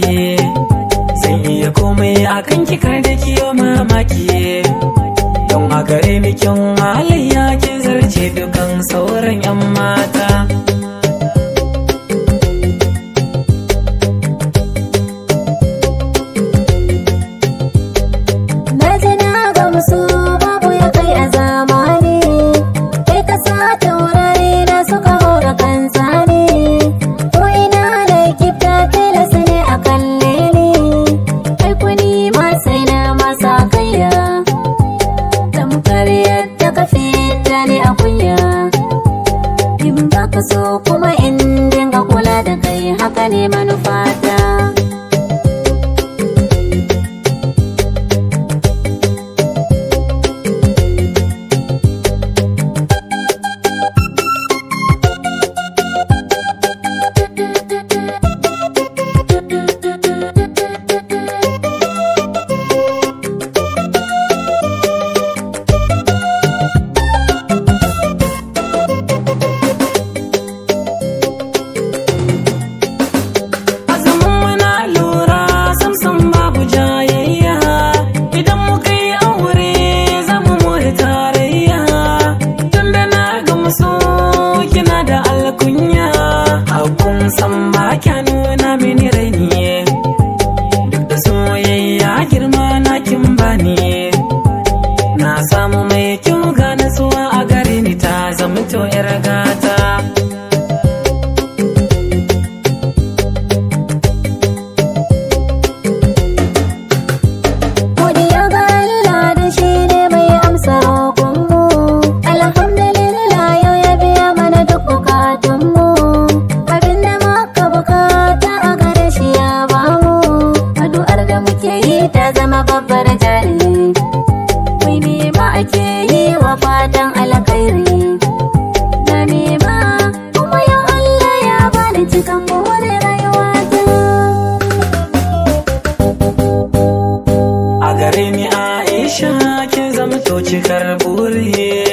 mamaki zan iya komai akan kikar da kiyo mamaki don a gare mikin hali so kuma in dinga kula da kai haka ne manufata mini raini duk da soyayya girma na kin bani na samu mai kyau ga nasuwa a gare ni ta zamto 'yar gata A zama babbar jari wai me ma ake yi wa fatan alkhairi na me ma kuma ya Allah ya bani cikan buwar rayuwa ta a gare ni Aisha kin zamto cikar buri